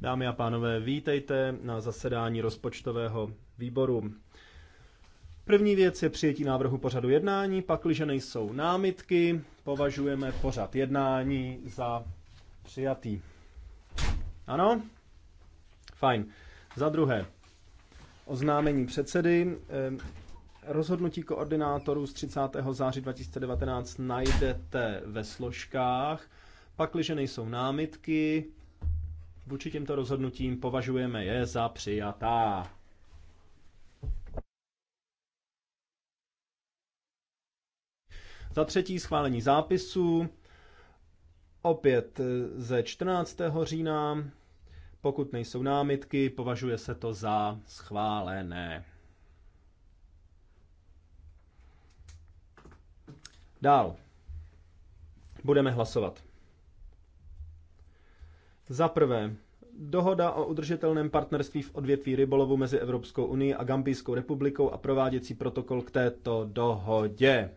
Dámy a pánové, vítejte na zasedání rozpočtového výboru. První věc je přijetí návrhu pořadu jednání, pakliže nejsou námitky, považujeme pořad jednání za přijatý. Ano? Fajn. Za druhé, oznámení předsedy. Ehm, rozhodnutí koordinátorů z 30. září 2019 najdete ve složkách. Pakliže nejsou námitky, vůči těmto rozhodnutím považujeme je za přijatá. Za třetí schválení zápisu opět ze 14. října. Pokud nejsou námitky, považuje se to za schválené. Dál. Budeme hlasovat. Za prvé, dohoda o udržitelném partnerství v odvětví rybolovu mezi Evropskou unii a Gambijskou republikou a prováděcí protokol k této dohodě.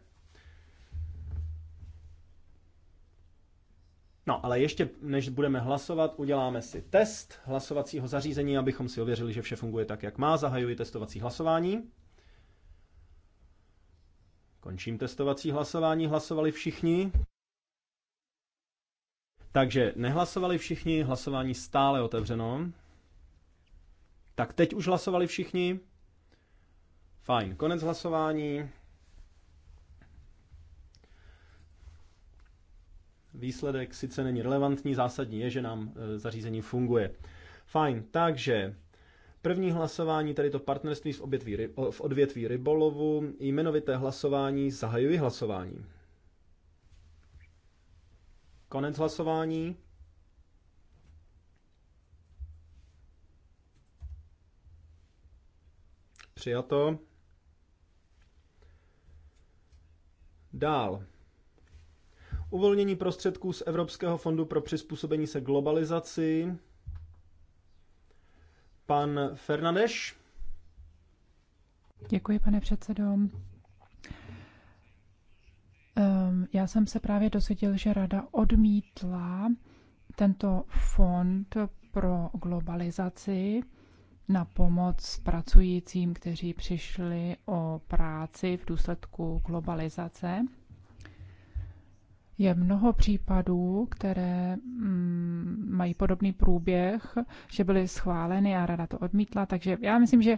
No, ale ještě než budeme hlasovat, uděláme si test hlasovacího zařízení, abychom si ověřili, že vše funguje tak, jak má. Zahajuji testovací hlasování. Končím testovací hlasování. Hlasovali všichni. Takže nehlasovali všichni, hlasování stále otevřeno. Tak teď už hlasovali všichni. Fajn, konec hlasování. Výsledek sice není relevantní, zásadní je, že nám e, zařízení funguje. Fajn, takže První hlasování, tady to partnerství v, odvětví rybolovu, jmenovité hlasování, zahajuji hlasování. Konec hlasování. Přijato. Dál. Uvolnění prostředků z Evropského fondu pro přizpůsobení se globalizaci. Pan Fernandeš. Děkuji, pane předsedo. Ehm, já jsem se právě dozvěděl, že rada odmítla tento fond pro globalizaci na pomoc pracujícím, kteří přišli o práci v důsledku globalizace. Je mnoho případů, které mm, mají podobný průběh, že byly schváleny a rada to odmítla, takže já myslím, že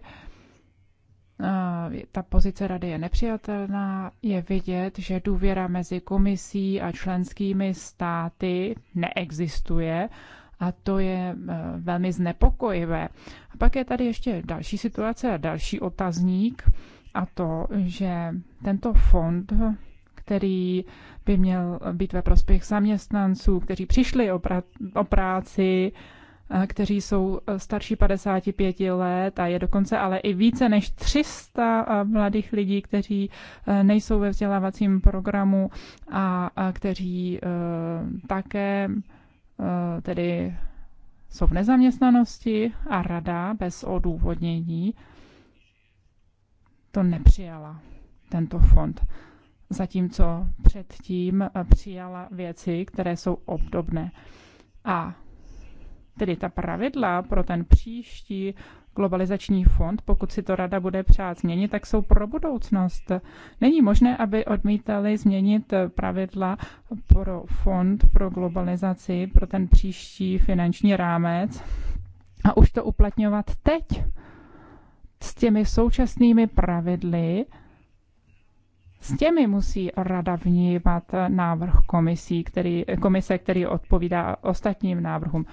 Eh, ta pozice rady je nepřijatelná, je vidět, že důvěra mezi komisí a členskými státy neexistuje a to je eh, velmi znepokojivé. A pak je tady ještě další situace a další otazník a to, že tento fond, který by měl být ve prospěch zaměstnanců, kteří přišli o, o práci, kteří jsou e, starší 55 let a je dokonce ale i více než 300 e, mladých lidí, kteří e, nejsou ve vzdělávacím programu a kteří také tedy jsou v nezaměstnanosti a rada bez odůvodnění to nepřijala, tento fond. Zatímco předtím přijala věci, které jsou obdobné. A Tedy ta pravidla pro ten příští globalizační fond, pokud si to rada bude přát změnit, tak jsou pro budoucnost. Není možné, aby odmítali změnit pravidla pro fond pro globalizaci, pro ten příští finanční rámec a už to uplatňovat teď s těmi současnými pravidly, s těmi musí rada vnímat návrh komisí, který, komise, který odpovídá ostatním návrhům.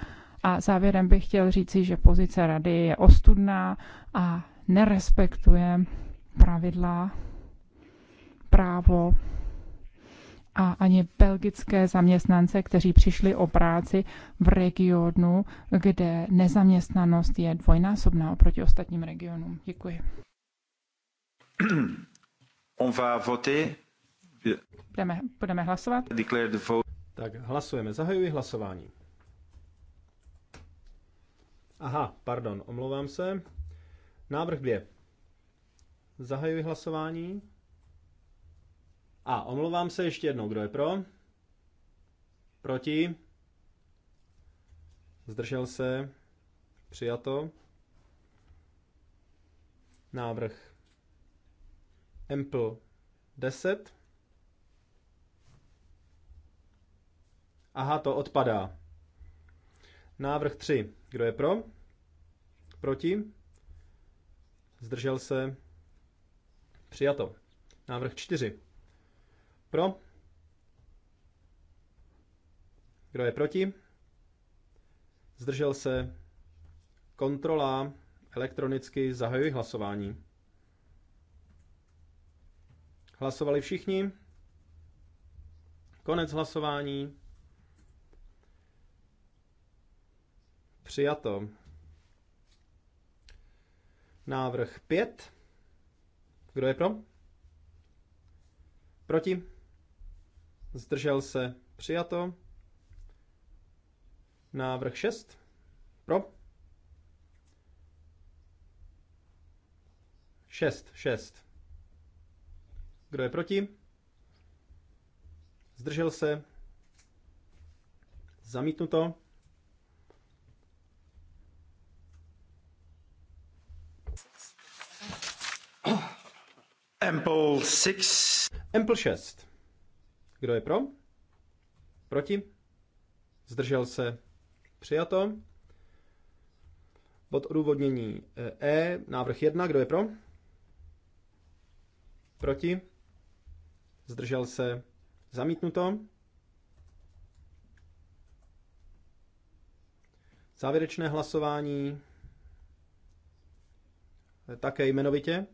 A závěrem bych chtěl říci, že pozice rady je ostudná a nerespektuje pravidla, právo a ani belgické zaměstnance, kteří přišli o práci v regionu, kde nezaměstnanost je dvojnásobná oproti ostatním regionům. Děkuji. On va voter. Budeme, budeme hlasovat? Tak hlasujeme. Zahajuji hlasování. Aha, pardon, omlouvám se. Návrh 2. Zahajuji hlasování. A omlouvám se ještě jednou, kdo je pro? Proti? Zdržel se? Přijato? Návrh Ample 10. Aha, to odpadá. Návrh 3. Kdo je pro? Proti? Zdržel se? Přijato. Návrh 4. Pro? Kdo je proti? Zdržel se? Kontrola. Elektronicky zahajuji hlasování. Hlasovali všichni? Konec hlasování. Přijato. Návrh 5. Kdo je pro? Proti? Zdržel se. Přijato. Návrh 6. Pro? 6. 6. Kdo je proti? Zdržel se. Zamítnuto. Ample 6. Ample 6. Kdo je pro? Proti? Zdržel se? Přijato. Bod odůvodnění eh, E, návrh 1, kdo je pro? Proti? Zdržel se? Zamítnuto. Závěrečné hlasování eh, také jmenovitě.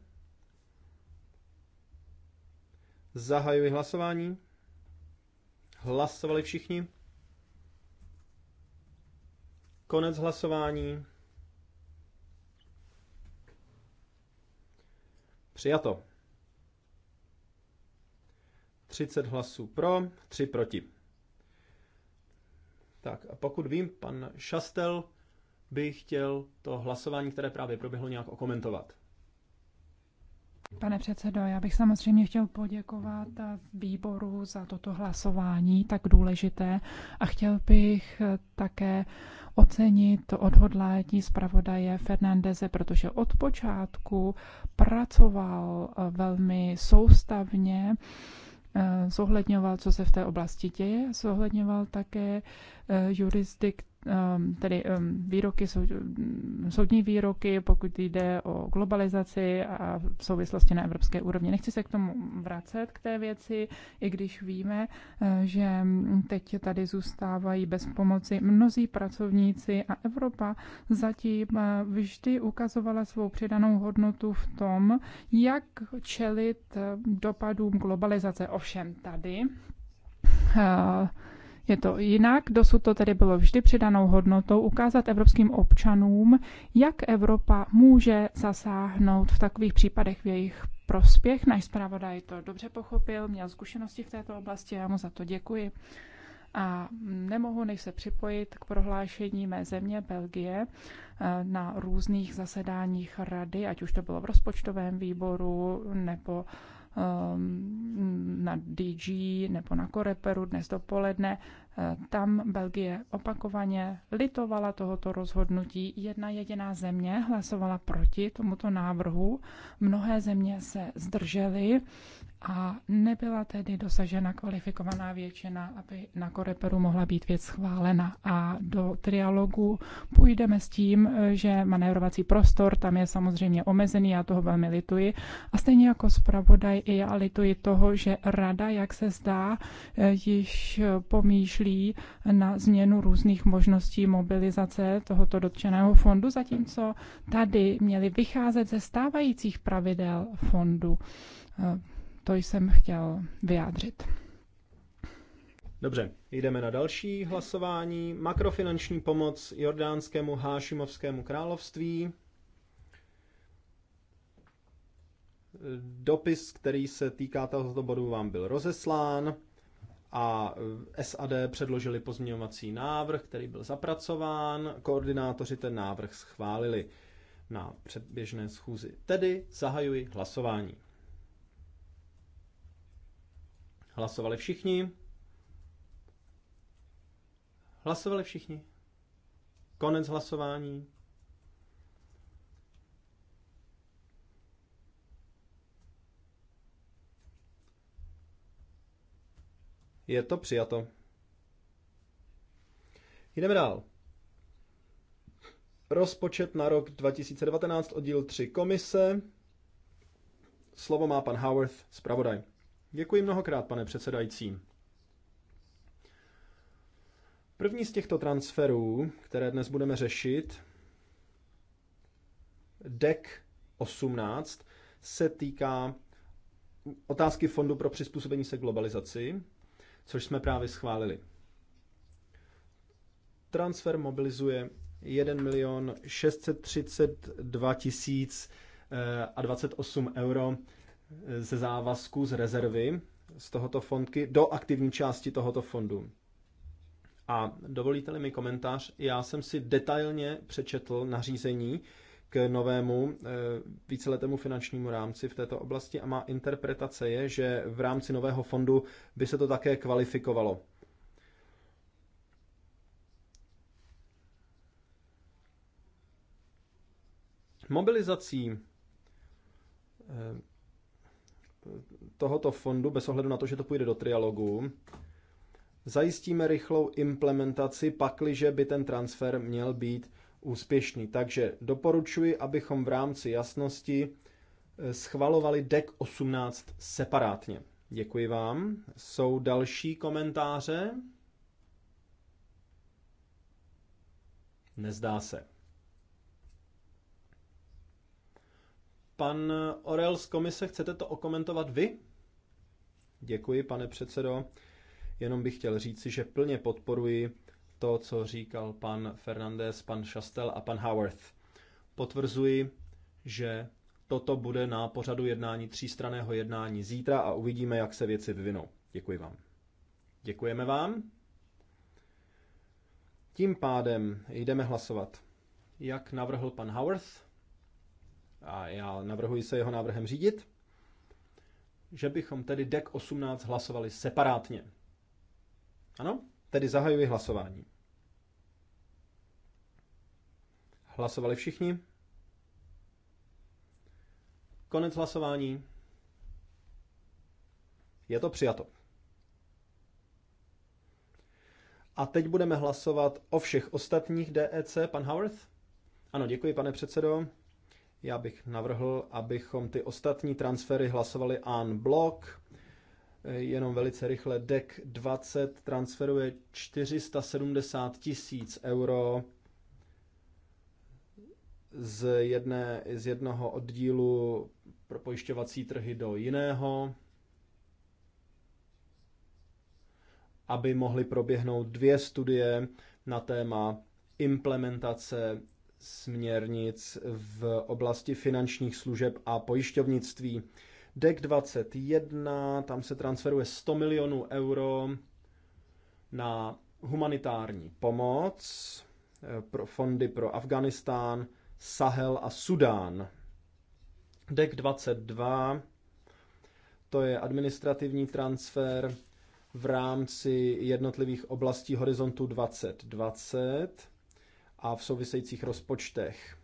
Zahajuji hlasování. Hlasovali všichni. Konec hlasování. Přijato. 30 hlasů pro, 3 proti. Tak a pokud vím, pan Šastel by chtěl to hlasování, které právě proběhlo, nějak okomentovat. Pane předsedo, já bych samozřejmě chtěl poděkovat výboru za toto hlasování tak důležité a chtěl bych také ocenit odhodlání zpravodaje Fernandeze, protože od počátku pracoval eh, velmi soustavně eh, zohledňoval, co se v té oblasti děje, zohledňoval také eh, jurisdik, Ehm, tedy ehm, výroky, soudní výroky, pokud jde o globalizaci a v souvislosti na evropské úrovni. Nechci se k tomu vracet, k té věci, i když víme, eh, že mm, teď tady zůstávají bez pomoci mnozí pracovníci a Evropa zatím eh, vždy ukazovala svou přidanou hodnotu v tom, jak čelit eh, dopadům globalizace. Ovšem tady je to jinak, dosud to tedy bylo vždy přidanou hodnotou ukázat evropským občanům, jak Evropa může zasáhnout v takových případech v jejich prospěch. Náš zpravodaj to dobře pochopil, měl zkušenosti v této oblasti, já mu za to děkuji. A nemohu než se připojit k prohlášení mé země Belgie eh, na různých zasedáních rady, ať už to bylo v rozpočtovém výboru nebo Ehm, na DG nebo na Koreperu dnes dopoledne tam Belgie opakovaně litovala tohoto rozhodnutí. Jedna jediná země hlasovala proti tomuto návrhu. Mnohé země se zdržely a nebyla tedy dosažena kvalifikovaná většina, aby na Koreperu mohla být věc schválena. A do trialogu půjdeme s tím, že manévrovací prostor tam je samozřejmě omezený, já toho velmi lituji. A stejně jako zpravodaj i já lituji toho, že rada, jak se zdá, již pomýšlí myšlí na změnu různých možností mobilizace tohoto dotčeného fondu, zatímco tady měli vycházet ze stávajících pravidel fondu. Eh, to jsem chtěl vyjádřit. Dobře, jdeme na další hlasování. Makrofinanční pomoc Jordánskému Hášimovskému království. Dopis, který se týká tohoto bodu, vám byl rozeslán a SAD předložili pozměňovací návrh, který byl zapracován, koordinátoři ten návrh schválili na předběžné schůzi. Tedy zahajuji hlasování. Hlasovali všichni? Hlasovali všichni? Konec hlasování. Je to přijato. Jdeme dál. Rozpočet na rok 2019, oddíl 3 komise. Slovo má pan Howard, zpravodaj. Děkuji mnohokrát, pane předsedající. První z těchto transferů, které dnes budeme řešit, DEC 18, se týká otázky Fondu pro přizpůsobení se globalizaci což jsme právě schválili. Transfer mobilizuje 1 milion 632 tisíc eh, a 28 euro eh, ze závazku z rezervy z tohoto fondky do aktivní části tohoto fondu. A dovolíte-li mi komentář, já jsem si detailně přečetl nařízení, k novému eh, víceletému finančnímu rámci v této oblasti a má interpretace je, že v rámci nového fondu by se to také kvalifikovalo. Mobilizací eh, tohoto fondu, bez ohledu na to, že to půjde do trialogu, zajistíme rychlou implementaci, pakliže by ten transfer měl být úspěšní. Takže doporučuji, abychom v rámci jasnosti eh, schvalovali DEC 18 separátně. Děkuji vám. Jsou další komentáře? Nezdá se. Pan Orel z komise, chcete to okomentovat vy? Děkuji, pane předsedo. Jenom bych chtěl říci, že plně podporuji to, co říkal pan Fernandez, pan Šastel a pan Howarth. Potvrzuji, že toto bude na pořadu jednání třístraného jednání zítra a uvidíme, jak se věci vyvinou. Děkuji vám. Děkujeme vám. Tím pádem jdeme hlasovat. Jak navrhl pan Howarth, a já navrhuji se jeho návrhem řídit, že bychom tedy DEC 18 hlasovali separátně. Ano? Tedy zahajuji hlasování. Hlasovali všichni? Konec hlasování. Je to přijato. A teď budeme hlasovat o všech ostatních DEC. Pan Howard? Ano, děkuji, pane předsedo. Já bych navrhl, abychom ty ostatní transfery hlasovali en blok. Jenom velice rychle. DEC 20 e transferuje 470 tisíc euro z, jedné, z jednoho oddílu pro pojišťovací trhy do jiného, aby mohly proběhnout dvě studie na téma implementace směrnic v oblasti finančních služeb a pojišťovnictví. DEC 21, tam se transferuje 100 milionů euro na humanitární pomoc, eh, pro fondy pro Afganistán, Sahel a Sudán. Dek 22, to je administrativní transfer v rámci jednotlivých oblastí Horizontu 2020 a v souvisejících rozpočtech.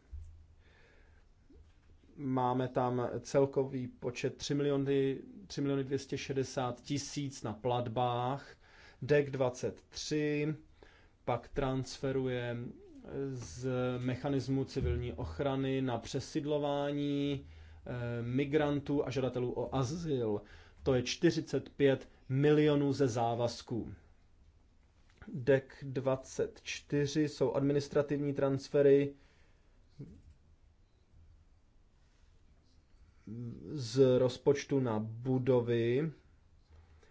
Máme tam celkový počet 3 miliony, 3 miliony 260 tisíc na platbách, DEC 23, pak transferuje z mechanismu civilní ochrany na přesidlování eh, migrantů a žadatelů o azyl. To je 45 milionů ze závazků. DEC 24 jsou administrativní transfery z rozpočtu na budovy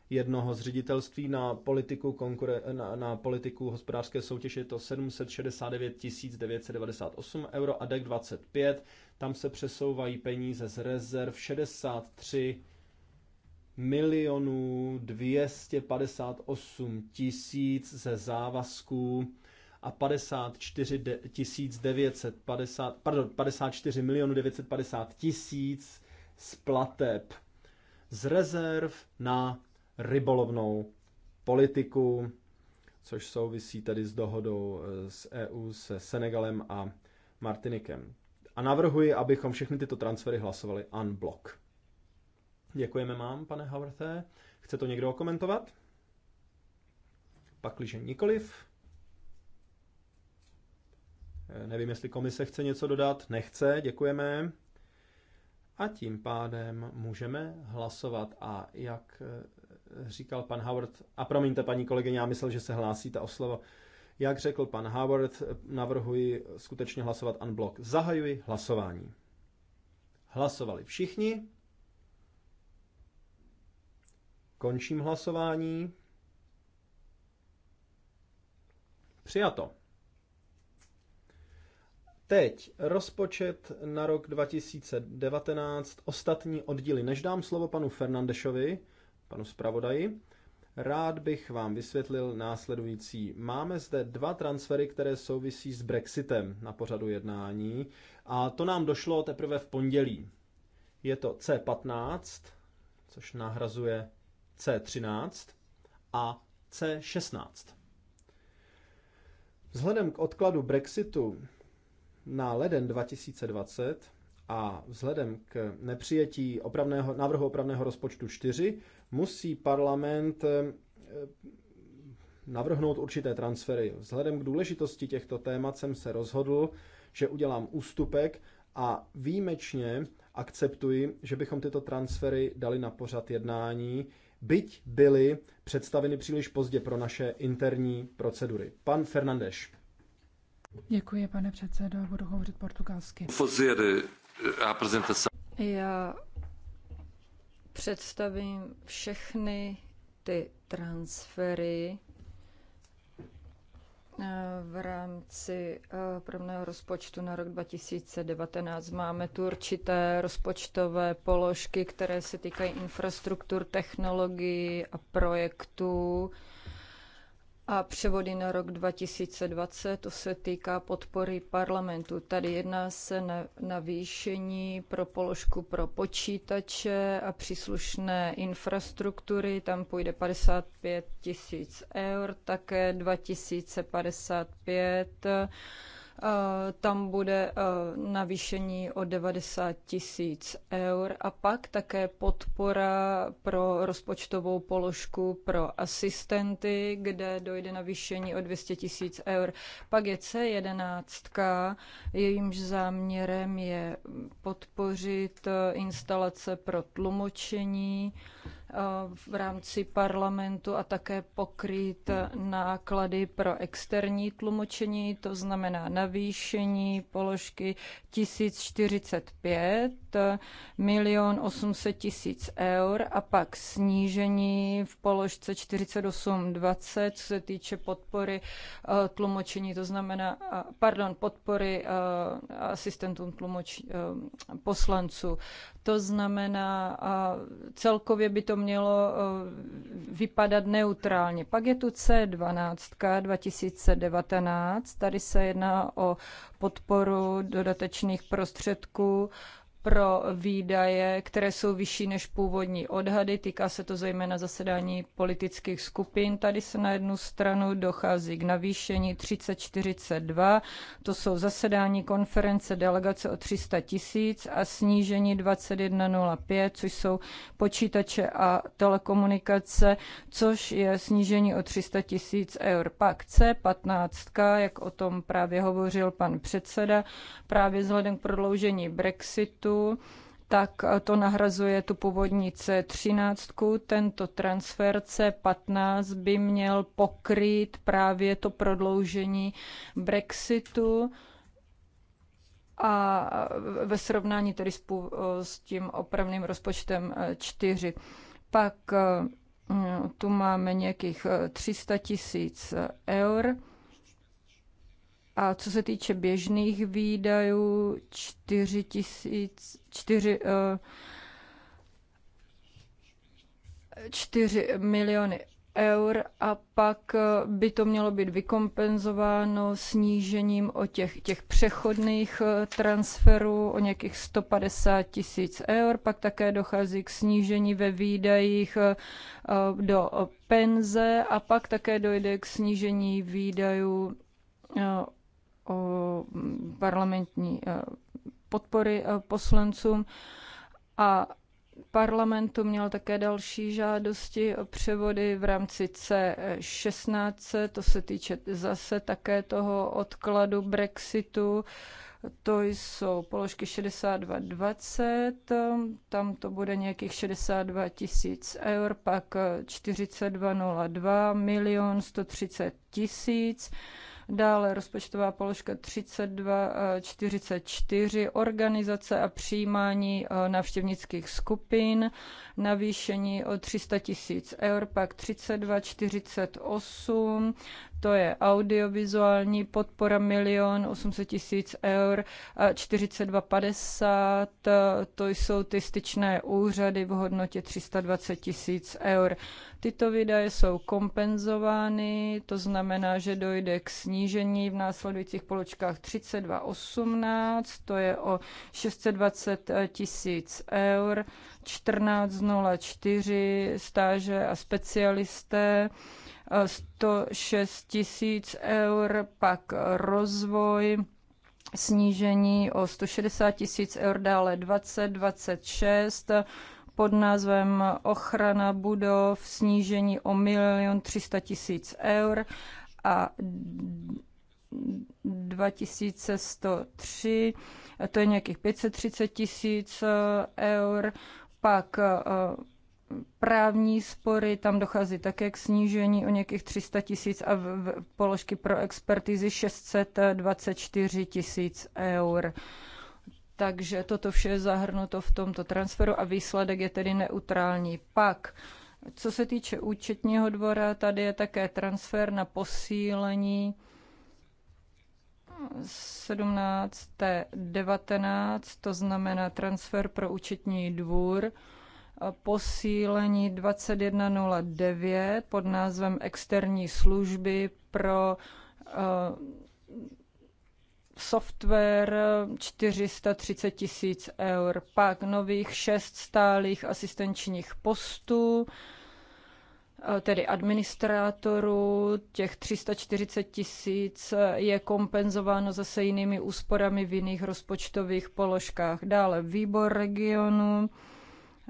jednoho z ředitelství na politiku, konkure, na, na politiku hospodářské soutěže je to 769 998 euro a DEC 25. Tam se přesouvají peníze z rezerv 63 milionů 258 tisíc ze závazků a 54 950, pardon, 54 milionů 950 tisíc z plateb z rezerv na rybolovnou politiku, což souvisí tedy s dohodou eh, s EU, se Senegalem a Martinikem. A navrhuji, abychom všechny tyto transfery hlasovali unblock. Děkujeme vám, pane Havrthe. Chce to někdo komentovat? Pakliže nikoliv. Eh, nevím, jestli komise chce něco dodat. Nechce, děkujeme. A tím pádem můžeme hlasovat. A jak eh, říkal pan Howard, a promiňte paní kolegyně, já myslel, že se hlásí ta oslova. Jak řekl pan Howard, navrhuji skutečně hlasovat unblock. Zahajuji hlasování. Hlasovali všichni. Končím hlasování. Přijato. Teď rozpočet na rok 2019, ostatní oddíly. Než dám slovo panu Fernandešovi, panu zpravodaji. Rád bych vám vysvětlil následující. Máme zde dva transfery, které souvisí s Brexitem na pořadu jednání a to nám došlo teprve v pondělí. Je to C15, což nahrazuje C13 a C16. Vzhledem k odkladu Brexitu na leden 2020 a vzhledem k nepřijetí opravného, návrhu opravného rozpočtu 4 musí parlament eh, navrhnout určité transfery. Vzhledem k důležitosti těchto témat jsem se rozhodl, že udělám ústupek a výjimečně akceptuji, že bychom tyto transfery dali na pořad jednání, byť byly představeny příliš pozdě pro naše interní procedury. Pan Fernandeš. Děkuji, pane předsedo, budu hovořit portugalsky a apresentação. Já představím všechny ty transfery eh, v rámci eh, prvného rozpočtu na rok 2019. Máme tu určité rozpočtové položky, které se týkají infrastruktur, technologií a projektů. A převody na rok 2020, to se týká podpory parlamentu. Tady jedná se na navýšení pro položku pro počítače a příslušné infrastruktury, tam půjde 55 tisíc eur, také 2055 Eh, tam bude eh, navýšení o 90 tisíc eur a pak také podpora pro rozpočtovou položku pro asistenty, kde dojde navýšení o 200 tisíc eur. Pak je C11, jejímž záměrem je podpořit eh, instalace pro tlumočení, v rámci parlamentu a také pokrýt náklady pro externí tlumočení, to znamená navýšení položky 1045 milion 800 tisíc eur a pak snížení v položce 4820, co se týče podpory tlumočení, to znamená, pardon, podpory asistentům tlumočení poslanců. To znamená, celkově by to mělo e, vypadat neutrálně. Pak je tu C12 2019. Tady se jedná o podporu dodatečných prostředků pro výdaje, které jsou vyšší než původní odhady. Týká se to zejména zasedání politických skupin. Tady se na jednu stranu dochází k navýšení 3042, to jsou zasedání konference delegace o 300 tisíc a snížení 2105, což jsou počítače a telekomunikace, což je snížení o 300 tisíc eur. Pak C15, jak o tom právě hovořil pan předseda, právě vzhledem k prodloužení Brexitu, tak to nahrazuje tu původní C13. Tento transfer C15 by měl pokrýt právě to prodloužení Brexitu a ve srovnání tedy s, s tím opravným rozpočtem 4. Pak mm, tu máme nějakých 300 tisíc eur a co se týče běžných výdajů, 4 4 eh, miliony eur a pak eh, by to mělo být vykompenzováno snížením o těch, těch přechodných eh, transferů o nějakých 150 tisíc eur. Pak také dochází k snížení ve výdajích do penze a pak také dojde k snížení výdajů o mm, parlamentní e, podpory e, poslancům a parlamentu měl také další žádosti o převody v rámci C16, to se týče zase také toho odkladu Brexitu, to jsou položky 6220, tam to bude nějakých 62 tisíc eur, pak 4202 milion 130 tisíc, Dále rozpočtová položka 3244, organizace a přijímání eh, návštěvnických skupin, navýšení o 300 tisíc eur, pak 3248, to je audiovizuální podpora milion 800 tisíc eur, 42,50, to jsou ty styčné úřady v hodnotě 320 tisíc eur. Tyto výdaje jsou kompenzovány, to znamená, že dojde k snížení v následujících poločkách 32,18, to je o 620 tisíc eur, 14,04 stáže a specialisté, 106 tisíc eur, pak rozvoj, snížení o 160 tisíc eur, dále 20, 26, pod názvem Ochrana budov, snížení o 1 300 tisíc eur a 2103, to je nějakých 530 tisíc eur, pak eh, právní spory, tam dochází také k snížení o nějakých 300 tisíc a v, v položky pro expertizy 624 tisíc eur. Takže toto vše je zahrnuto v tomto transferu a výsledek je tedy neutrální. Pak, co se týče účetního dvora, tady je také transfer na posílení 17. 19, to znamená transfer pro účetní dvůr posílení 2109 pod názvem Externí služby pro eh, software 430 tisíc eur, pak nových šest stálých asistenčních postů, eh, tedy administrátorů, těch 340 tisíc eh, je kompenzováno zase jinými úsporami v jiných rozpočtových položkách. Dále výbor regionu,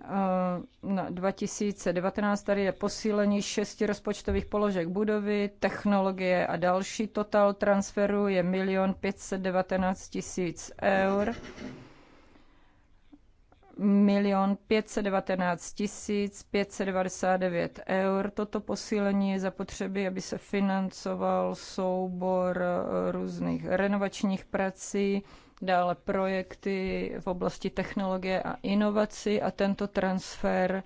Eh, na 2019 tady je posílení šesti rozpočtových položek budovy, technologie a další. Total transferu je 1 519 tisíc eur. 1 519 599 eur. Toto posílení je zapotřebí, aby se financoval soubor eh, různých renovačních prací, dále projekty v oblasti technologie a inovací a tento transfer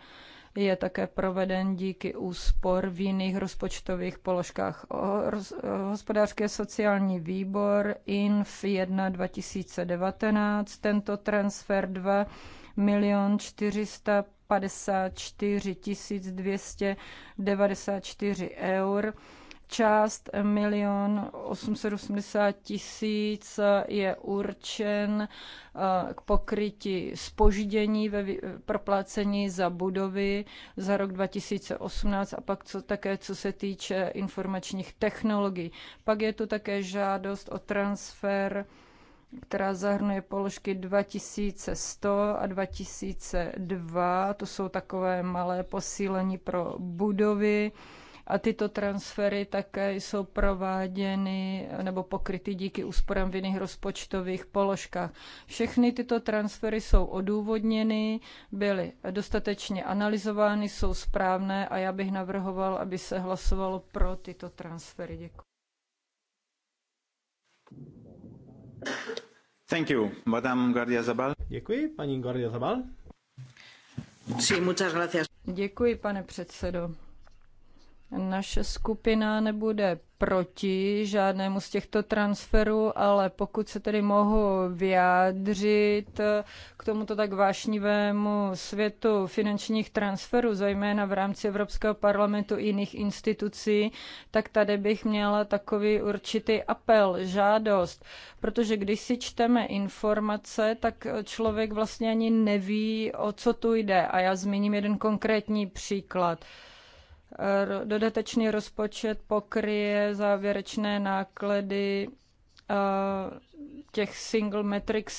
je také proveden díky úspor v jiných rozpočtových položkách. Hospodářský sociální výbor INF 1 2019, tento transfer 2 milion 454 294 eur část 1 880 tisíc je určen eh, k pokrytí spoždění ve proplácení za budovy za rok 2018 a pak co také, co se týče informačních technologií. Pak je tu také žádost o transfer která zahrnuje položky 2100 a 2002. To jsou takové malé posílení pro budovy a tyto transfery také jsou prováděny nebo pokryty díky úsporám v jiných rozpočtových položkách. Všechny tyto transfery jsou odůvodněny, byly dostatečně analyzovány, jsou správné a já bych navrhoval, aby se hlasovalo pro tyto transfery. Děkuji. Thank you, Madame Guardia Zabal. Děkuji, paní Guardia Zabal. Sí, muchas gracias. Děkuji, pane předsedo. Naše skupina nebude proti žádnému z těchto transferů, ale pokud se tedy mohu vyjádřit k tomuto tak vášnivému světu finančních transferů, zejména v rámci Evropského parlamentu i jiných institucí, tak tady bych měla takový určitý apel, žádost, protože když si čteme informace, tak člověk vlastně ani neví, o co tu jde. A já zmíním jeden konkrétní příklad dodatečný rozpočet pokryje závěrečné náklady Eh, těch single metric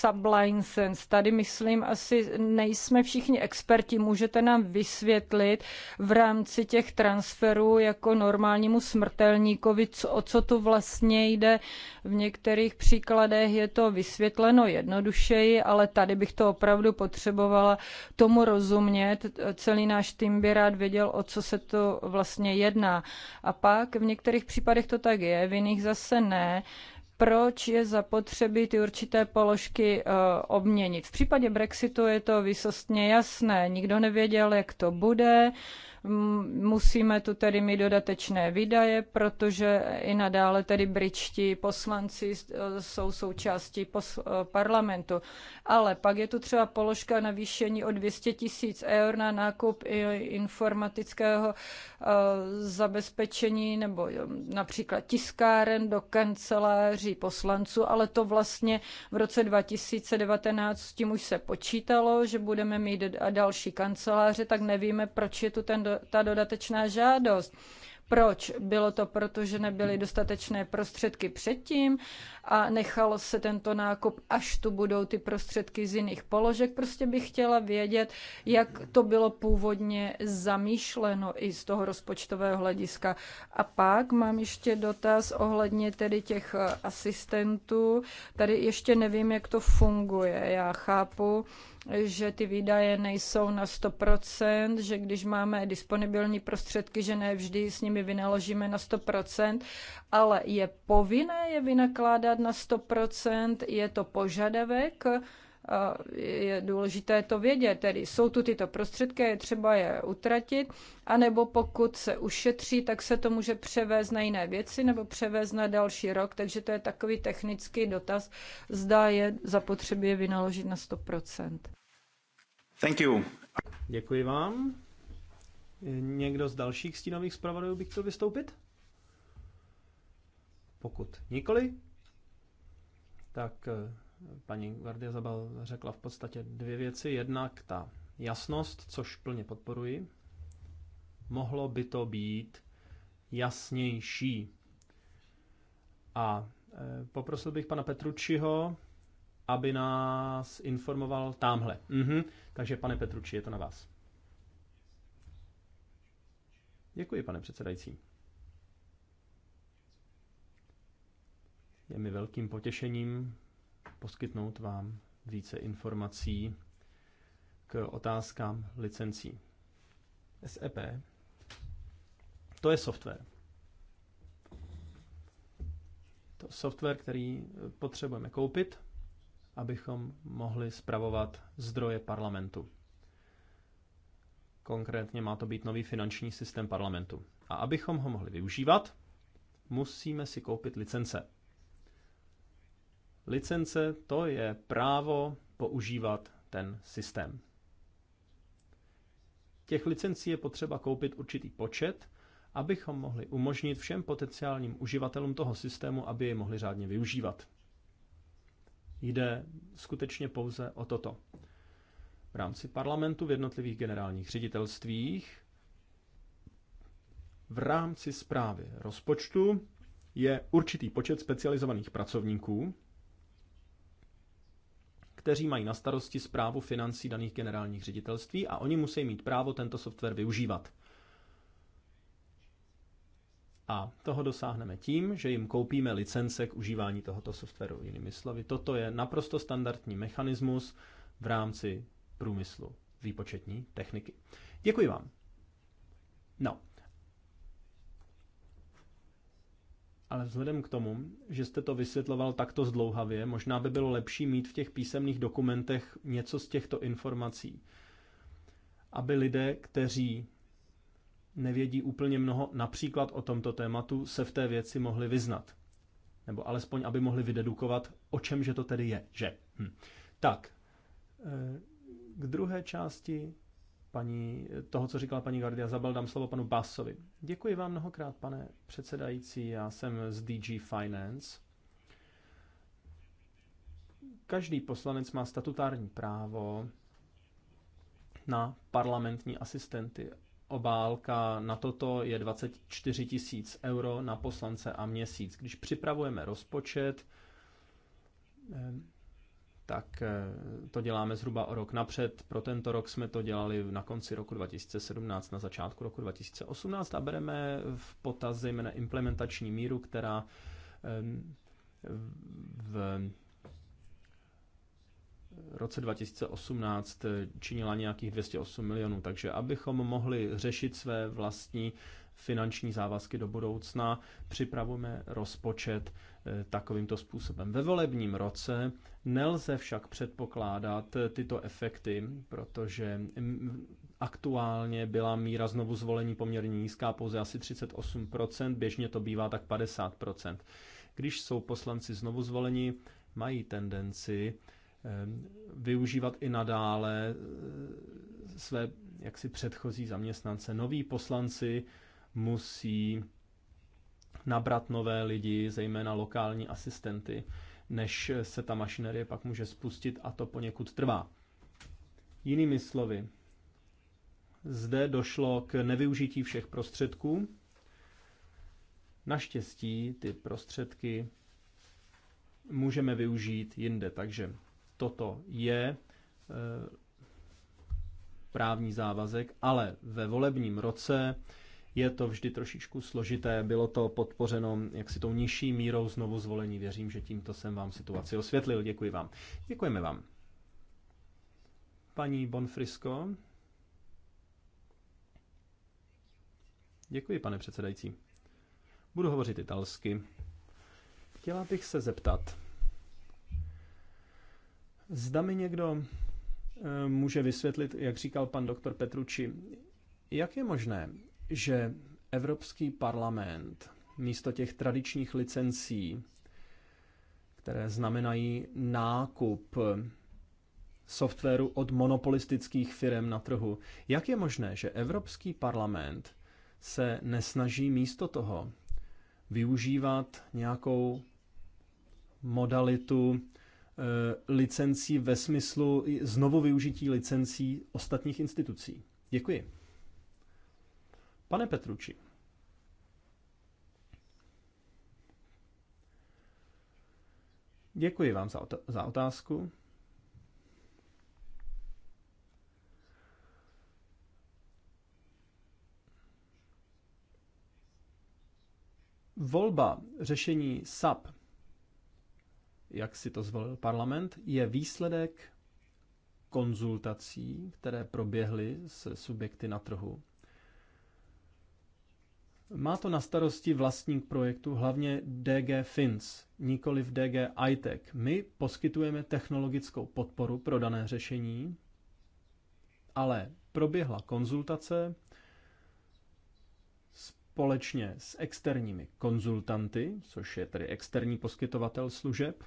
sense Tady myslím, asi nejsme všichni experti. Můžete nám vysvětlit v rámci těch transferů jako normálnímu smrtelníkovi, co, o co tu vlastně jde. V některých příkladech je to vysvětleno jednodušeji, ale tady bych to opravdu potřebovala tomu rozumět. Celý náš tým by rád věděl, o co se to vlastně jedná. A pak v některých případech to tak je, v jiných zase ne. Uh, proč je zapotřebí ty určité položky eh, obměnit. V případě Brexitu je to výsostně jasné. Nikdo nevěděl, jak to bude. Musíme tu tedy mít dodatečné výdaje, protože i nadále tedy britští poslanci e, jsou součástí e, parlamentu. Ale pak je tu třeba položka navýšení o 200 tisíc eur na nákup informatického e, zabezpečení nebo například tiskáren do kanceláří poslanců, ale to vlastně v roce 2019 s tím už se počítalo, že budeme mít další kanceláře, tak nevíme, proč je tu ten ta dodatečná žádost. Proč? Bylo to proto, že nebyly dostatečné prostředky předtím a nechalo se tento nákup, až tu budou ty prostředky z jiných položek. Prostě bych chtěla vědět, jak to bylo původně zamýšleno i z toho rozpočtového hlediska. A pak mám ještě dotaz ohledně tedy těch eh, asistentů. Tady ještě nevím, jak to funguje. Já chápu, že ty výdaje nejsou na 100%, že když máme disponibilní prostředky, že ne vždy s nimi vynaložíme na 100%, ale je povinné je vynakládat na 100%, je to požadavek, je důležité to vědět. Tedy jsou tu tyto prostředky, je třeba je utratit, anebo pokud se ušetří, tak se to může převést na jiné věci nebo převést na další rok, takže to je takový technický dotaz, zda je zapotřebí je vynaložit na 100%. Thank you. Děkuji vám. Někdo z dalších stínových zpravodajů by chtěl vystoupit? Pokud nikoli, tak eh, paní Guardia Zabal řekla v podstatě dvě věci. Jednak ta jasnost, což plně podporuji, mohlo by to být jasnější. A e, poprosil bych pana Petručiho, aby nás informoval tamhle. Mhm. Takže pane Petruči, je to na vás. Děkuji, pane předsedající. Je mi velkým potěšením poskytnout vám více informací k otázkám licencí. SEP to je software. To software, který eh, potřebujeme koupit, abychom mohli spravovat zdroje parlamentu. Konkrétně má to být nový finanční systém parlamentu. A abychom ho mohli využívat, musíme si koupit licence. Licence to je právo používat ten systém. Těch licencí je potřeba koupit určitý počet, abychom mohli umožnit všem potenciálním uživatelům toho systému, aby je mohli řádně využívat. Jde skutečně pouze o toto. V rámci parlamentu v jednotlivých generálních ředitelstvích v rámci zprávy rozpočtu je určitý počet specializovaných pracovníků, kteří mají na starosti zprávu financí daných generálních ředitelství a oni musí mít právo tento software využívat. A toho dosáhneme tím, že jim koupíme licence k užívání tohoto softwaru. Jinými slovy, toto je naprosto standardní mechanismus v rámci průmyslu výpočetní techniky. Děkuji vám. No, ale vzhledem k tomu, že jste to vysvětloval takto zdlouhavě, možná by bylo lepší mít v těch písemných dokumentech něco z těchto informací, aby lidé, kteří nevědí úplně mnoho například o tomto tématu, se v té věci mohli vyznat. Nebo alespoň, aby mohli vydedukovat, o čem že to tedy je, že. Hm. Tak, eh, k druhé části paní, toho, co říkala paní Gardia Zabal dám slovo panu Basovi. Děkuji vám mnohokrát, pane předsedající. Já jsem z DG Finance. Každý poslanec má statutární právo na parlamentní asistenty. Obálka na toto je 24 tisíc euro na poslance a měsíc. Když připravujeme rozpočet, tak eh, to děláme zhruba o rok napřed. Pro tento rok jsme to dělali na konci roku 2017, na začátku roku 2018 a bereme v potaz zejména implementační míru, která v roce 2018 eh, činila nějakých 208 milionů, takže abychom mohli řešit své vlastní finanční závazky do budoucna, připravujeme rozpočet eh, takovýmto způsobem. Ve volebním roce nelze však předpokládat eh, tyto efekty, protože mm, aktuálně byla míra znovu zvolení poměrně nízká, pouze asi 38%, běžně to bývá tak 50%. Když jsou poslanci znovu zvoleni, mají tendenci eh, využívat i nadále své jaksi předchozí zaměstnance. Noví poslanci musí nabrat nové lidi, zejména lokální asistenty, než se ta mašinerie pak může spustit a to poněkud trvá. Jinými slovy, zde došlo k nevyužití všech prostředků. Naštěstí ty prostředky můžeme využít jinde, takže toto je e, právní závazek, ale ve volebním roce je to vždy trošičku složité. Bylo to podpořeno jaksi tou nižší mírou znovu zvolení. Věřím, že tímto jsem vám situaci osvětlil. Děkuji vám. Děkujeme vám. Paní Bonfrisko. Děkuji, pane předsedající. Budu hovořit italsky. Chtěla bych se zeptat. Zda mi někdo eh, může vysvětlit, jak říkal pan doktor Petruči, jak je možné, že Evropský parlament místo těch tradičních licencí, které znamenají nákup softwaru od monopolistických firm na trhu, jak je možné, že Evropský parlament se nesnaží místo toho využívat nějakou modalitu eh, licencí ve smyslu znovu využití licencí ostatních institucí. Děkuji. Pane Petruči, děkuji vám za, otázku. Volba řešení SAP, jak si to zvolil parlament, je výsledek konzultací, které proběhly s subjekty na trhu. Má to na starosti vlastník projektu, hlavně DG Fins, nikoli v DG iTech. My poskytujeme technologickou podporu pro dané řešení, ale proběhla konzultace společně s externími konzultanty, což je tedy externí poskytovatel služeb,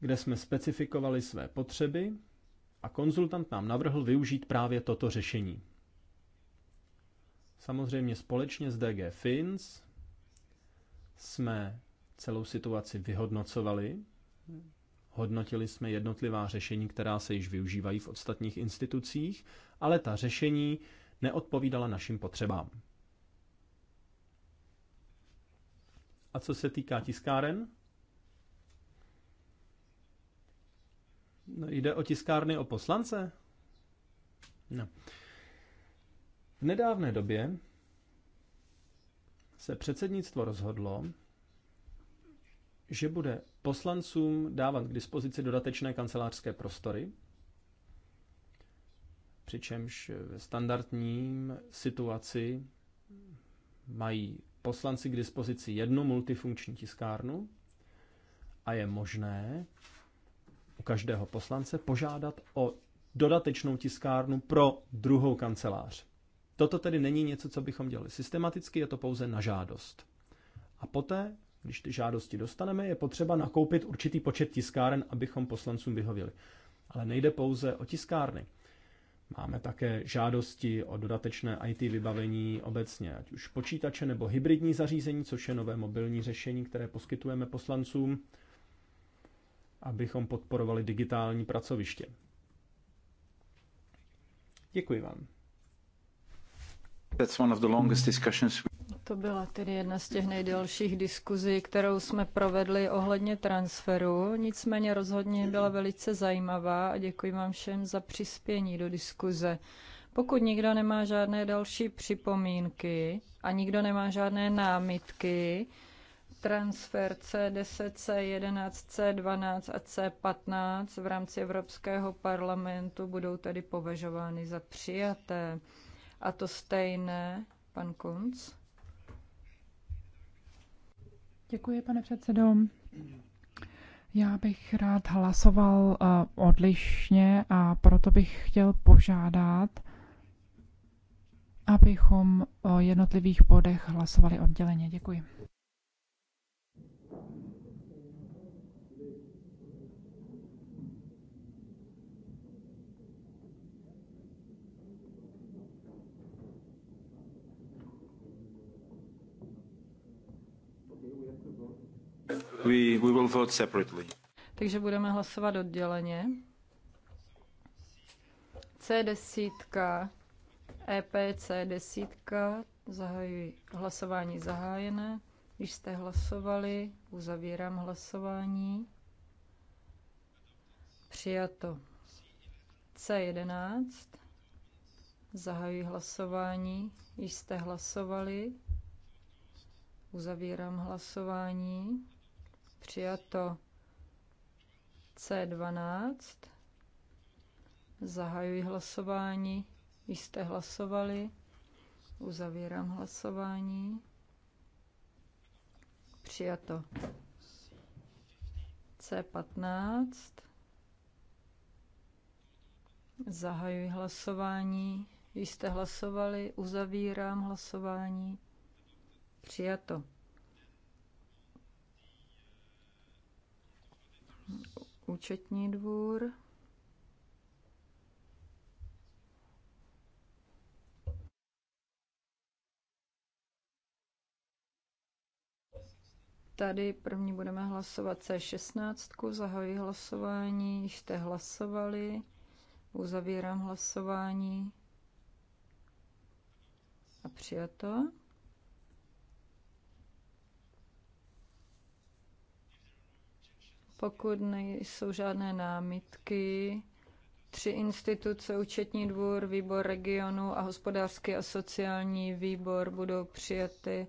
kde jsme specifikovali své potřeby a konzultant nám navrhl využít právě toto řešení. Samozřejmě společně s DG Fins jsme celou situaci vyhodnocovali, hodnotili jsme jednotlivá řešení, která se již využívají v ostatních institucích, ale ta řešení neodpovídala našim potřebám. A co se týká tiskáren? No, jde o tiskárny o poslance? No. V nedávné době se předsednictvo rozhodlo, že bude poslancům dávat k dispozici dodatečné kancelářské prostory, přičemž ve standardním situaci mají poslanci k dispozici jednu multifunkční tiskárnu a je možné u každého poslance požádat o dodatečnou tiskárnu pro druhou kancelář. Toto tedy není něco, co bychom dělali systematicky, je to pouze na žádost. A poté, když ty žádosti dostaneme, je potřeba nakoupit určitý počet tiskáren, abychom poslancům vyhověli. Ale nejde pouze o tiskárny. Máme také žádosti o dodatečné IT vybavení obecně, ať už počítače nebo hybridní zařízení, což je nové mobilní řešení, které poskytujeme poslancům, abychom podporovali digitální pracoviště. Děkuji vám. Hmm. To byla tedy jedna z těch nejdelších diskuzí, kterou jsme provedli ohledně transferu. Nicméně rozhodně byla velice zajímavá a děkuji vám všem za přispění do diskuze. Pokud nikdo nemá žádné další připomínky a nikdo nemá žádné námitky, transfer C10, C11, C12 a C15 v rámci Evropského parlamentu budou tedy považovány za přijaté. A to stejné, pan Kunc. Děkuji, pane předsedo. Já bych rád hlasoval eh, odlišně a proto bych chtěl požádat, abychom o jednotlivých bodech hlasovali odděleně. Děkuji. We, we will vote separately. Takže budeme hlasovat odděleně. C10, EPC 10, zahajuji hlasování zahájené. Když jste hlasovali, uzavírám hlasování. Přijato. C11. Zahajuji hlasování. Když jste hlasovali. Uzavírám hlasování. Přijato C12. Zahajuji hlasování. Vy Jste hlasovali. Uzavírám hlasování. Přijato. C15. Zahajuji hlasování. Vy Jste hlasovali. Uzavírám hlasování. Přijato. účetní dvůr. Tady první budeme hlasovat C16, zahajuji hlasování, již jste hlasovali, uzavírám hlasování a přijato. Pokud nejsou žádné námitky, tři instituce, účetní dvůr, výbor regionu a hospodářský a sociální výbor budou přijaty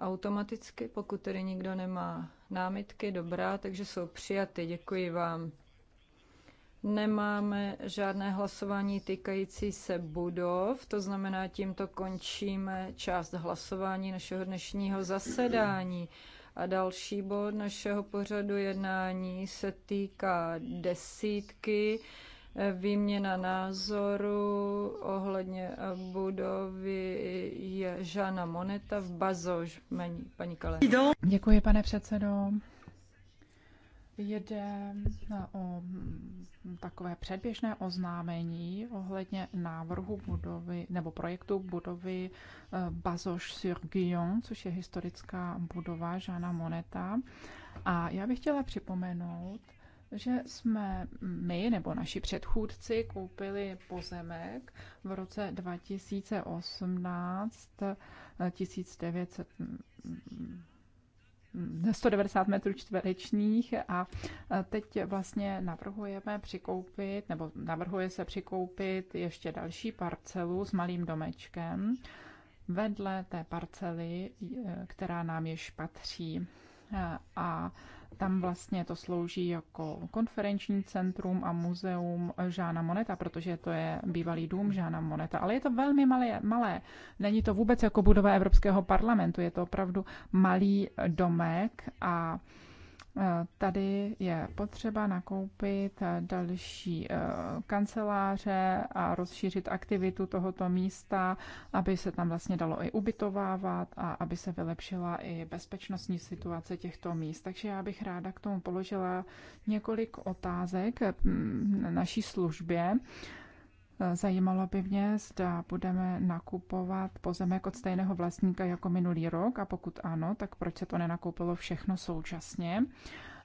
automaticky, pokud tedy nikdo nemá námitky, dobrá, takže jsou přijaty, děkuji vám. Nemáme žádné hlasování týkající se budov, to znamená, tímto končíme část hlasování našeho dnešního zasedání. A další bod našeho pořadu jednání se týká desítky výměna názoru ohledně budovy je Žána Moneta v Bazož, paní Kale. Děkuji, pane předsedo. Jde eh, o mm, takové předběžné oznámení ohledně návrhu budovy nebo projektu budovy eh, Bazoš sur Guillon, což je historická budova Žána Moneta. A já bych chtěla připomenout, že jsme my nebo naši předchůdci koupili pozemek v roce 2018 1900 190 metrů čtverečních a e, teď vlastně navrhujeme přikoupit, nebo navrhuje se přikoupit ještě další parcelu s malým domečkem vedle té parcely, e, která nám již patří. E, a tam vlastně to slouží jako konferenční centrum a muzeum Žána Moneta, protože to je bývalý dům Žána Moneta. Ale je to velmi malé, malé. Není to vůbec jako budova Evropského parlamentu, je to opravdu malý domek a Eh, tady je potřeba nakoupit eh, další eh, kanceláře a rozšířit aktivitu tohoto místa, aby se tam vlastně dalo i ubytovávat a aby se vylepšila i bezpečnostní situace těchto míst. Takže já bych ráda k tomu položila několik otázek mm, naší službě. Eh, zajímalo by mě, zda budeme nakupovat pozemek od stejného vlastníka jako minulý rok a pokud ano, tak proč se to nenakoupilo všechno současně.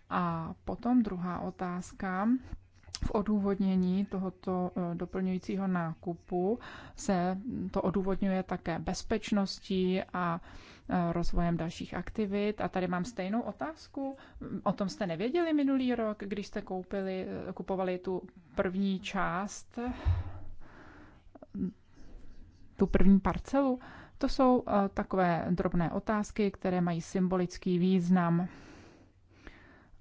A potom druhá otázka. V odůvodnění tohoto eh, doplňujícího nákupu se to odůvodňuje také bezpečností a eh, rozvojem dalších aktivit. A tady mám stejnou otázku. O tom jste nevěděli minulý rok, když jste koupili, kupovali tu první část tu první parcelu? To jsou eh, takové drobné otázky, které mají symbolický význam,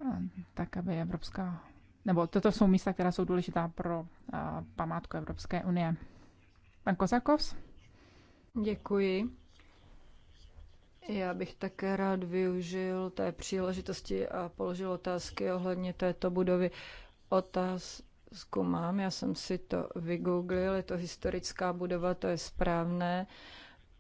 eh, tak aby Evropská, nebo toto jsou místa, která jsou důležitá pro eh, památku Evropské unie. Pan Kozakovs? Děkuji. Já bych také rád využil té příležitosti a položil otázky ohledně této budovy. Otáz, zkoumám, já jsem si to vygooglil, je to historická budova, to je správné.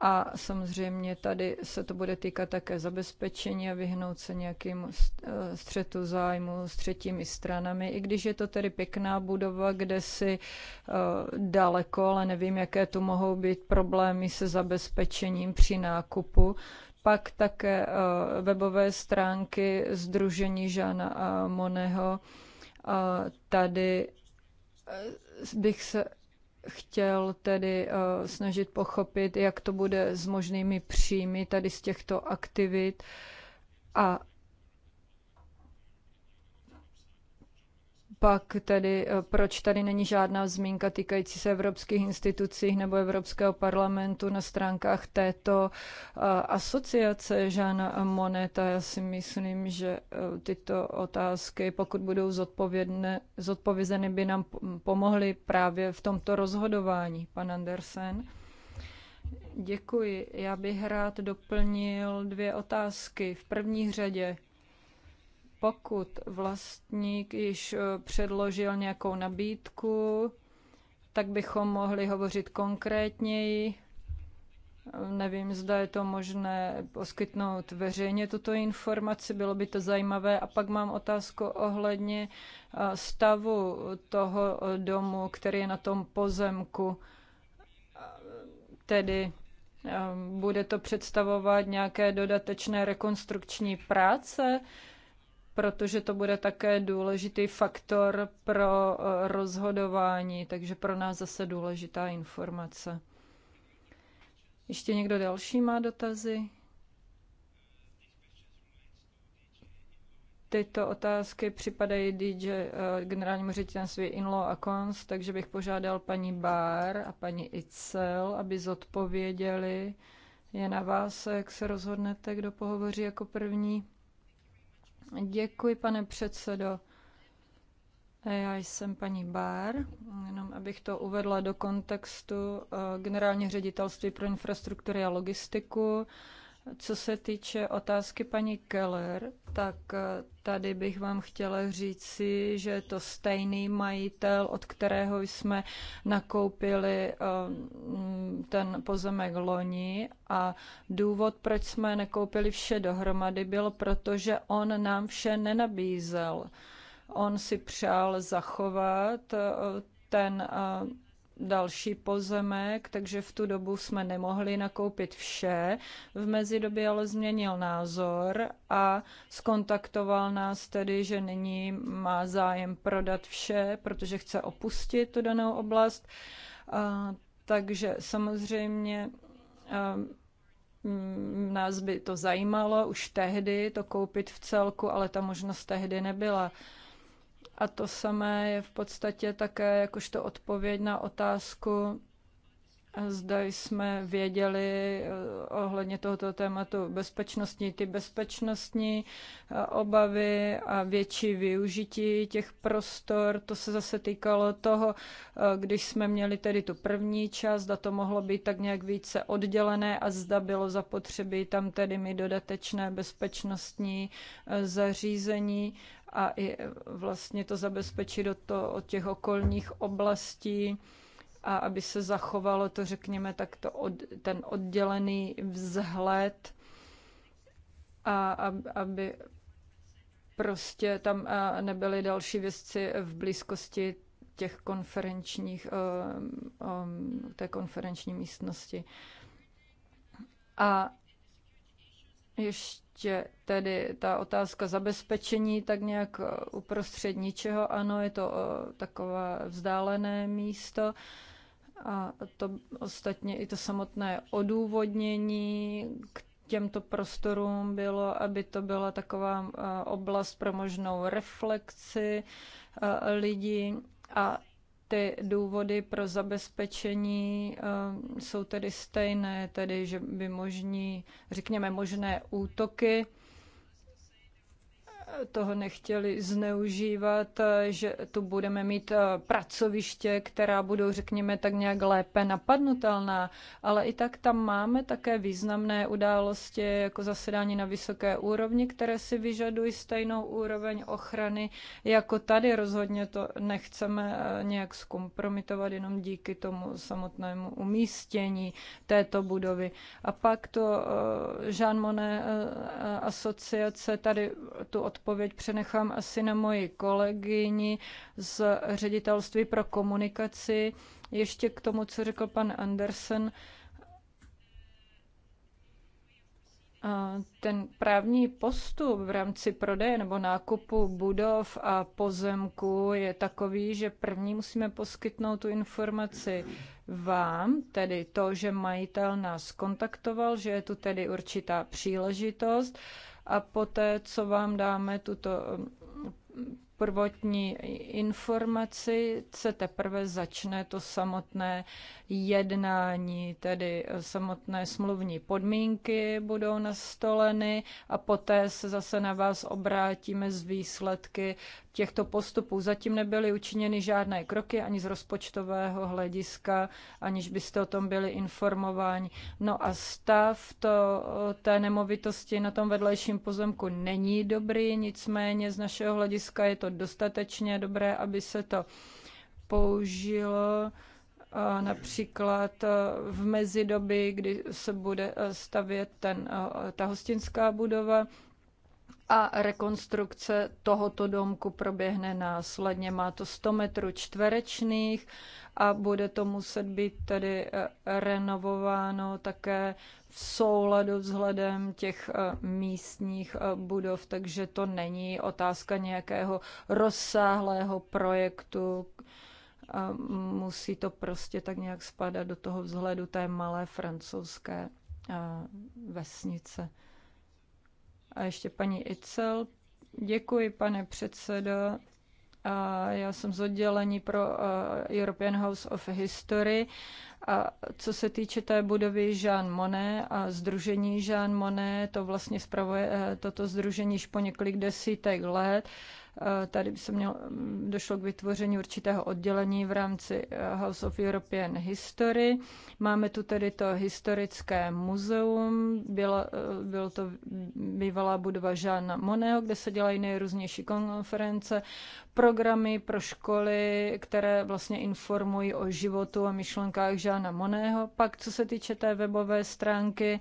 A samozřejmě tady se to bude týkat také zabezpečení a vyhnout se nějakým e, střetu zájmu s třetími stranami. I když je to tedy pěkná budova, kde si e, daleko, ale nevím, jaké tu mohou být problémy se zabezpečením při nákupu, pak také e, webové stránky Združení Žana Moneho tady bych se chtěl tedy uh, snažit pochopit, jak to bude s možnými příjmy tady z těchto aktivit a Pak tedy, eh, proč tady není žádná zmínka týkající se evropských institucí nebo Evropského parlamentu na stránkách této eh, asociace Žána Moneta? Já si myslím, že eh, tyto otázky, pokud budou zodpovězeny, by nám pomohly právě v tomto rozhodování. Pan Andersen. Děkuji. Já bych rád doplnil dvě otázky. V první řadě, pokud vlastník již eh, předložil nějakou nabídku, tak bychom mohli hovořit konkrétněji. Nevím, zda je to možné poskytnout veřejně tuto informaci, bylo by to zajímavé. A pak mám otázku ohledně eh, stavu toho eh, domu, který je na tom pozemku. Tedy bude to představovat nějaké dodatečné rekonstrukční práce? protože to bude také důležitý faktor pro eh, rozhodování, takže pro nás zase důležitá informace. Ještě někdo další má dotazy? Tyto otázky připadají DJ, eh, generálnímu ředitelství Inlo a Cons, takže bych požádal paní Bár a paní Itzel, aby zodpověděli. Je na vás, jak se rozhodnete, kdo pohovoří jako první. Děkuji, pane předsedo. Já jsem paní Bár, jenom abych to uvedla do kontextu eh, generální ředitelství pro infrastrukturu a logistiku. Co se týče otázky paní Keller, tak eh, tady bych vám chtěla říci, že je to stejný majitel, od kterého jsme nakoupili eh, ten pozemek loni a důvod, proč jsme nekoupili vše dohromady, byl proto, že on nám vše nenabízel. On si přál zachovat eh, ten další pozemek, takže v tu dobu jsme nemohli nakoupit vše. V mezidobě ale změnil názor a skontaktoval nás tedy, že nyní má zájem prodat vše, protože chce opustit tu danou oblast. A, takže samozřejmě a, nás by to zajímalo už tehdy to koupit v celku, ale ta možnost tehdy nebyla. A to samé je v podstatě také jakožto odpověď na otázku Zda jsme věděli eh, ohledně tohoto tématu bezpečnostní, ty bezpečnostní eh, obavy a větší využití těch prostor, to se zase týkalo toho, eh, když jsme měli tedy tu první část, zda to mohlo být tak nějak více oddělené a zda bylo zapotřebí tam tedy mi dodatečné bezpečnostní zařízení a i vlastně to zabezpečit od, to, od těch okolních oblastí a aby se zachovalo to, řekněme, tak to od, ten oddělený vzhled a aby prostě tam nebyly další věci v blízkosti těch konferenčních, eh, té konferenční místnosti. A ještě tedy ta otázka zabezpečení, tak nějak eh, uprostřed ničeho, ano, je to eh, takové vzdálené místo, a to ostatně i to samotné odůvodnění k těmto prostorům bylo, aby to byla taková eh, oblast pro možnou reflexi eh, lidí a ty důvody pro zabezpečení eh, jsou tedy stejné, tedy že by možní, řekněme, možné útoky toho nechtěli zneužívat, že tu budeme mít eh, pracoviště, která budou, řekněme, tak nějak lépe napadnutelná, ale i tak tam máme také významné události jako zasedání na vysoké úrovni, které si vyžadují stejnou úroveň ochrany jako tady. Rozhodně to nechceme eh, nějak zkompromitovat jenom díky tomu samotnému umístění této budovy. A pak to eh, Jean Monnet asociace tady tu odpověď odpověď přenechám asi na moji kolegyni z ředitelství pro komunikaci. Ještě k tomu, co řekl pan Andersen, ten právní postup v rámci prodeje nebo nákupu budov a pozemku je takový, že první musíme poskytnout tu informaci vám, tedy to, že majitel nás kontaktoval, že je tu tedy určitá příležitost a poté, co vám dáme tuto prvotní informaci se teprve začne to samotné jednání, tedy samotné smluvní podmínky budou nastoleny a poté se zase na vás obrátíme z výsledky těchto postupů. Zatím nebyly učiněny žádné kroky ani z rozpočtového hlediska, aniž byste o tom byli informováni. No a stav to, té nemovitosti na tom vedlejším pozemku není dobrý, nicméně z našeho hlediska je to dostatečně dobré, aby se to použilo například v mezidobí, kdy se bude stavět ten, ta hostinská budova a rekonstrukce tohoto domku proběhne následně. Má to 100 metrů čtverečných a bude to muset být tedy renovováno také v souladu vzhledem těch eh, místních eh, budov, takže to není otázka nějakého rozsáhlého projektu. Eh, musí to prostě tak nějak spadat do toho vzhledu té malé francouzské vesnice. A ještě paní Itzel. Děkuji, pane předsedo. Já jsem z oddělení pro European House of History a co se týče té budovy Jean Monnet a združení Jean Monnet, to vlastně spravuje eh, toto združení již po několik desítek let. Eh, tady by se mělo, mm, došlo k vytvoření určitého oddělení v rámci eh, House of European History. Máme tu tedy to historické muzeum, byla, byl to bývalá budova Žána Moného, kde se dělají nejrůznější konference, programy pro školy, které vlastně informují o životu a myšlenkách Žána Žána Moného. Pak, co se týče té webové stránky,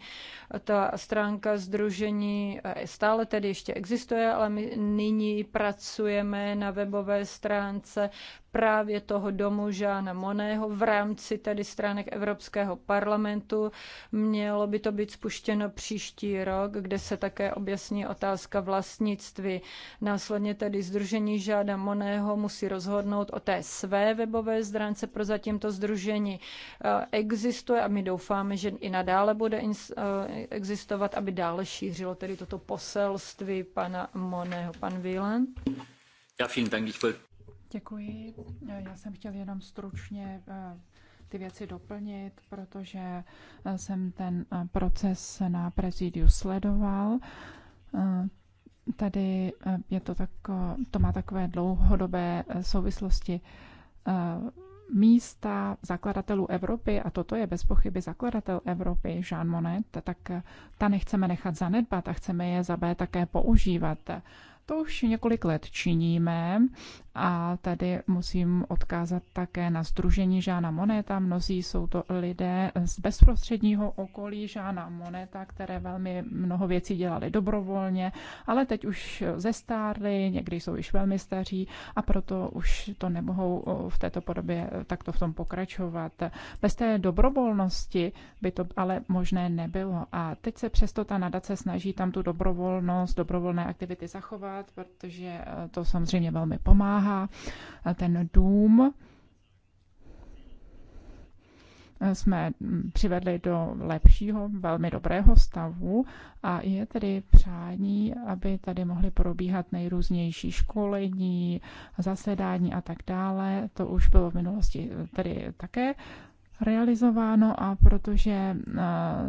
ta stránka Združení eh, stále tedy ještě existuje, ale my nyní pracujeme na webové stránce právě toho domu Žána Moného v rámci tedy stránek Evropského parlamentu. Mělo by to být spuštěno příští rok, kde se také objasní otázka vlastnictví. Následně tedy Združení Žána Moného musí rozhodnout o té své webové stránce pro zatím to združení eh, existuje a my doufáme, že i nadále bude eh, existovat, aby dále šířilo tedy toto poselství pana Moného. Pan Wieland? Ja, vielen Dank. Ich wollte Děkuji. Já jsem chtěl jenom stručně eh, ty věci doplnit, protože eh, jsem ten eh, proces na prezidiu sledoval. Tady je to tak, to má takové dlouhodobé souvislosti místa zakladatelů Evropy, a toto je bez pochyby zakladatel Evropy, Jean Monnet, tak ta nechceme nechat zanedbat a chceme je za B také používat. To už několik let činíme a tady musím odkázat také na Združení Žána Moneta. Mnozí jsou to lidé z bezprostředního okolí Žána Moneta, které velmi mnoho věcí dělali dobrovolně, ale teď už zestárli, někdy jsou již velmi staří a proto už to nemohou v této podobě takto v tom pokračovat. Bez té dobrovolnosti by to ale možné nebylo. A teď se přesto ta nadace snaží tam tu dobrovolnost, dobrovolné aktivity zachovat, protože e, to samozřejmě velmi pomáhá Praha, eh, ten dům eh, jsme mm, přivedli do lepšího, velmi dobrého stavu a je tedy přání, aby tady mohly probíhat nejrůznější školení, zasedání a tak dále. To už bylo v minulosti eh, tedy také realizováno a protože eh,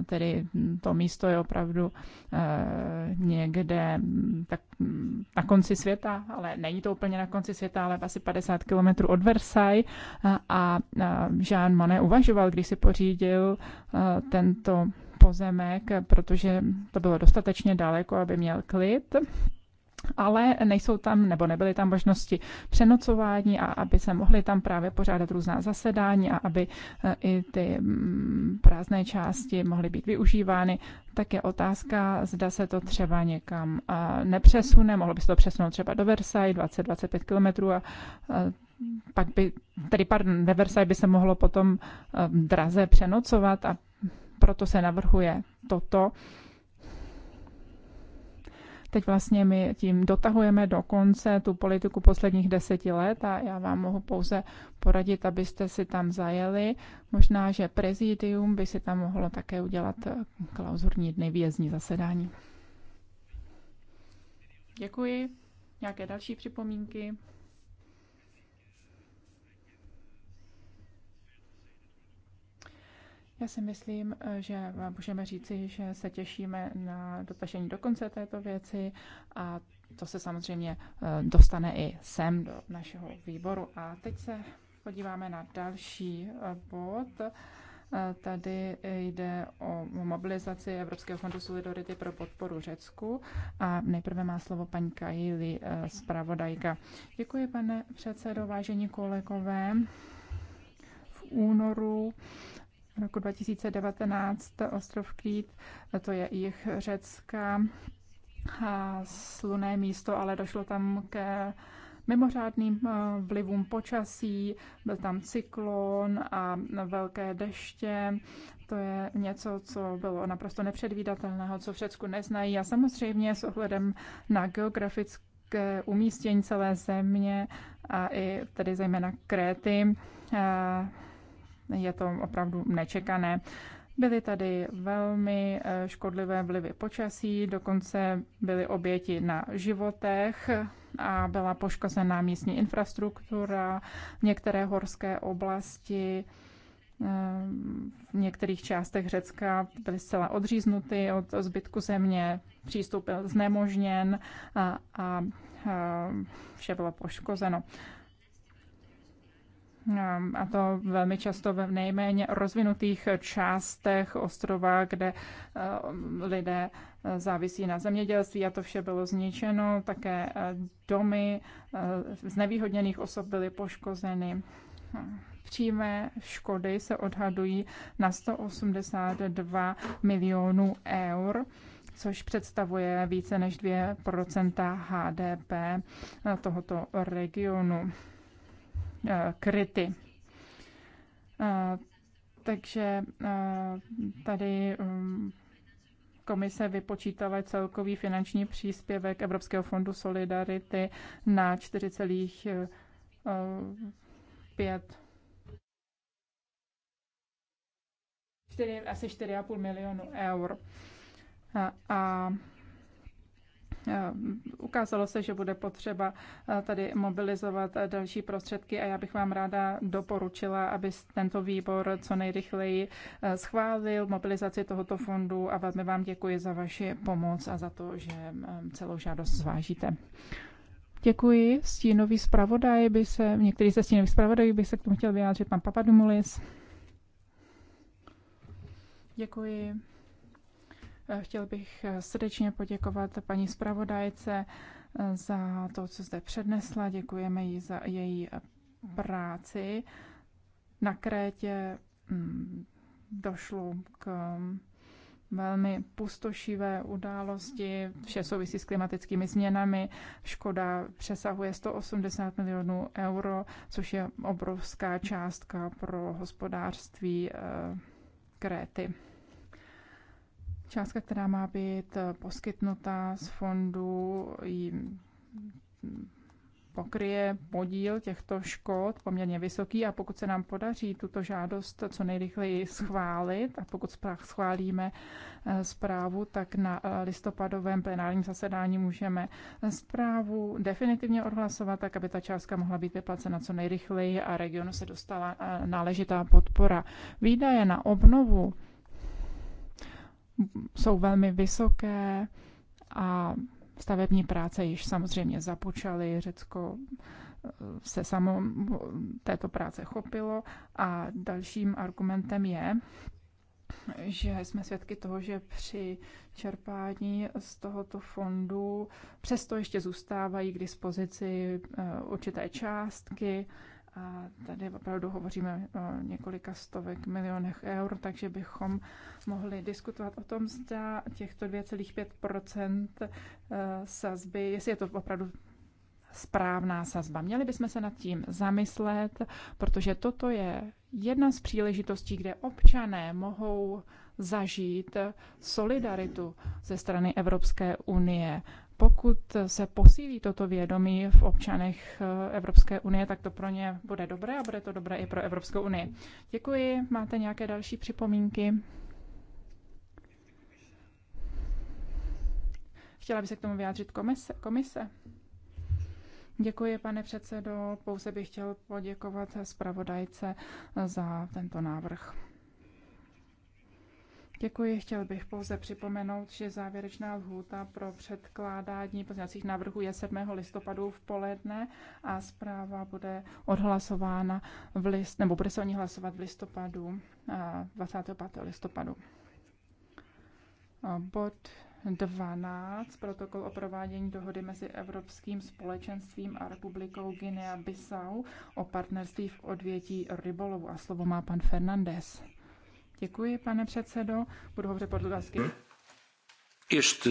tedy to místo je opravdu eh, někde mm, tak mm, na konci světa, ale není to úplně na konci světa, ale asi 50 kilometrů od Versailles eh, a Jean Monnet uvažoval, když si pořídil tento pozemek, protože to bylo dostatečně daleko, aby měl klid ale nejsou tam nebo nebyly tam možnosti přenocování a aby se mohly tam právě pořádat různá zasedání a aby eh, i ty mm, prázdné části mohly být využívány, tak je otázka, zda se to třeba někam eh, nepřesune, mohlo by se to přesunout třeba do Versailles 20-25 kilometrů a eh, pak by, tedy pardon, ve Versailles by se mohlo potom draze přenocovat a proto se navrhuje toto Teď vlastně my tím dotahujeme do konce tu politiku posledních deseti let a já vám mohu pouze poradit, abyste si tam zajeli. Možná, že prezidium by si tam mohlo také udělat eh, klauzurní dny vězní zasedání. Děkuji. Nějaké další připomínky? Já si myslím, že můžeme říci, že se těšíme na dotažení do konce této věci a to se samozřejmě eh, dostane i sem do našeho výboru. A teď se podíváme na další eh, bod. Eh, tady jde o mobilizaci Evropského fondu Solidarity pro podporu Řecku a nejprve má slovo paní Kajili, zpravodajka. Děkuji, pane předsedo, vážení kolegové. V únoru roku 2019 ostrov Krít, to je jich Řecka, a sluné místo, ale došlo tam ke mimořádným eh, vlivům počasí, byl tam cyklon a velké deště. To je něco, co bylo naprosto nepředvídatelného, co v Řecku neznají. A samozřejmě s ohledem na geografické umístění celé země a i tedy zejména Kréty, eh, je to opravdu nečekané. Byly tady velmi eh, škodlivé vlivy počasí, dokonce byly oběti na životech a byla poškozená místní infrastruktura, některé horské oblasti eh, v některých částech Řecka byly zcela odříznuty od zbytku země, přístup byl znemožněn a, a, a vše bylo poškozeno. Ehm, a to velmi často ve nejméně rozvinutých částech ostrova, kde ehm, lidé eh, závisí na zemědělství a to vše bylo zničeno. Také eh, domy eh, znevýhodněných osob byly poškozeny. Přímé škody se odhadují na 182 milionů eur což představuje více než 2 HDP tohoto regionu. Eh, kryty. Eh, takže eh, tady komise vypočítala celkový finanční příspěvek Evropského fondu Solidarity na 4,5 asi 4,5 milionu eur. A, a Eh, ukázalo se, že bude potřeba eh, tady mobilizovat eh, další prostředky a já bych vám ráda doporučila, aby tento výbor co nejrychleji schválil mobilizaci tohoto fondu a velmi vám děkuji za vaši pomoc a za to, že celou žádost zvážíte. Děkuji. Stínový zpravodaj by se, některý ze stínových zpravodajů by se k tomu chtěl vyjádřit pan Papadumulis. Děkuji. Chtěl bych srdečně poděkovat paní zpravodajce za to, co zde přednesla. Děkujeme jí za její práci. Na Krétě mm, došlo k mm, velmi pustošivé události. Vše souvisí s klimatickými změnami. Škoda přesahuje 180 milionů euro, což je obrovská částka pro hospodářství eh, Kréty. Částka, která má být eh, poskytnuta z fondu, hm, pokryje podíl těchto škod poměrně vysoký a pokud se nám podaří tuto žádost co nejrychleji schválit a pokud schválíme eh, zprávu, tak na eh, listopadovém plenárním zasedání můžeme zprávu definitivně odhlasovat, tak aby ta částka mohla být vyplacena co nejrychleji a regionu se dostala náležitá podpora. Výdaje na obnovu jsou velmi vysoké a stavební práce již samozřejmě započaly. Řecko eh, se samo této práce chopilo a dalším argumentem je, že jsme svědky toho, že při čerpání z tohoto fondu přesto ještě zůstávají k dispozici eh, určité částky a tady opravdu hovoříme o několika stovek milionech eur, takže bychom mohli diskutovat o tom, zda těchto 2,5 eh, sazby, jestli je to opravdu správná sazba. Měli bychom se nad tím zamyslet, protože toto je jedna z příležitostí, kde občané mohou zažít solidaritu ze strany Evropské unie pokud se posílí toto vědomí v občanech eh, Evropské unie, tak to pro ně bude dobré a bude to dobré i pro Evropskou unii. Děkuji. Máte nějaké další připomínky? Chtěla by se k tomu vyjádřit komise? komise? Děkuji, pane předsedo. Pouze bych chtěl poděkovat zpravodajce za tento návrh. Děkuji. Chtěl bych pouze připomenout, že závěrečná lhůta pro předkládání pozměňovacích návrhů je 7. listopadu v poledne a zpráva bude odhlasována v list, nebo bude se o ní hlasovat v listopadu, 25. listopadu. Bod 12, protokol o provádění dohody mezi Evropským společenstvím a republikou Guinea-Bissau o partnerství v odvětí rybolovu. A slovo má pan Fernandez. Děkuji, pane předsedo. Budu hovořit portugalsky. Ještě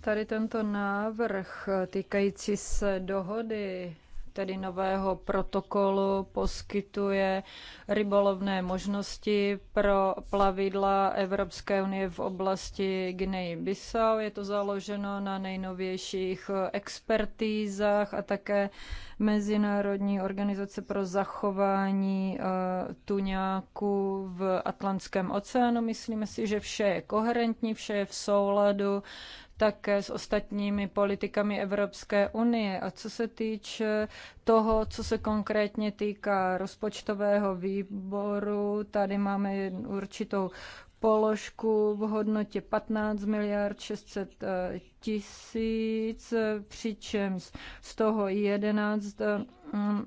Tady tento návrh týkající se dohody tedy nového protokolu poskytuje rybolovné možnosti pro plavidla Evropské unie v oblasti Guinea-Bissau. Je to založeno na nejnovějších expertízách a také Mezinárodní organizace pro zachování eh, tuňáku v Atlantském oceánu. Myslíme si, že vše je koherentní, vše je v souladu také s ostatními politikami Evropské unie. A co se týče toho, co se konkrétně týká rozpočtového výboru, tady máme určitou položku v hodnotě 15 miliard 600 eh, tisíc, přičemž z toho 11 eh,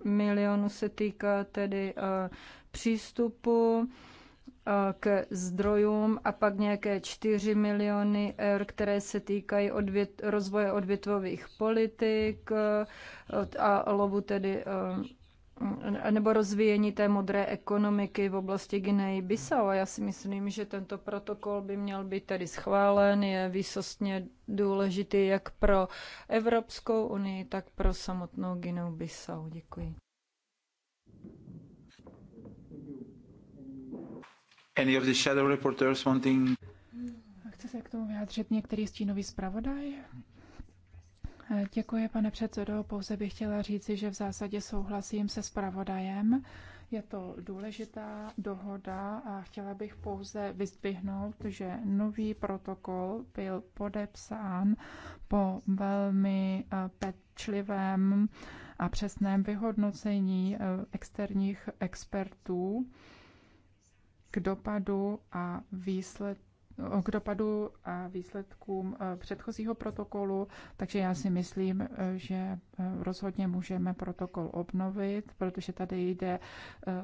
milionů se týká tedy eh, přístupu k zdrojům a pak nějaké 4 miliony eur, které se týkají odvět, rozvoje odvětvových politik a lovu tedy nebo rozvíjení té modré ekonomiky v oblasti Guinea Bissau. A já si myslím, že tento protokol by měl být tedy schválen, je výsostně důležitý jak pro Evropskou unii, tak pro samotnou Gineu Bissau. Děkuji. Any of the shadow reporters wanting... Chce se k tomu vyjádřit některý stínový zpravodaj? Eh, děkuji, pane předsedo. Pouze bych chtěla říci, že v zásadě souhlasím se zpravodajem. Je to důležitá dohoda a chtěla bych pouze vyzdvihnout, že nový protokol byl podepsán po velmi eh, pečlivém a přesném vyhodnocení eh, externích expertů k dopadu a výsled, k dopadu a výsledkům e, předchozího protokolu, takže já si myslím, e, že e, rozhodně můžeme protokol obnovit, protože tady jde